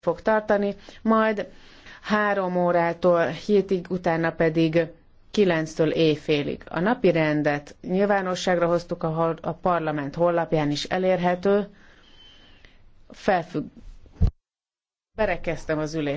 fog tartani, majd három órától hétig, utána pedig kilenctől éjfélig. A napi rendet nyilvánosságra hoztuk a, a parlament honlapján is elérhető. Felfügg. Berekeztem az ülést.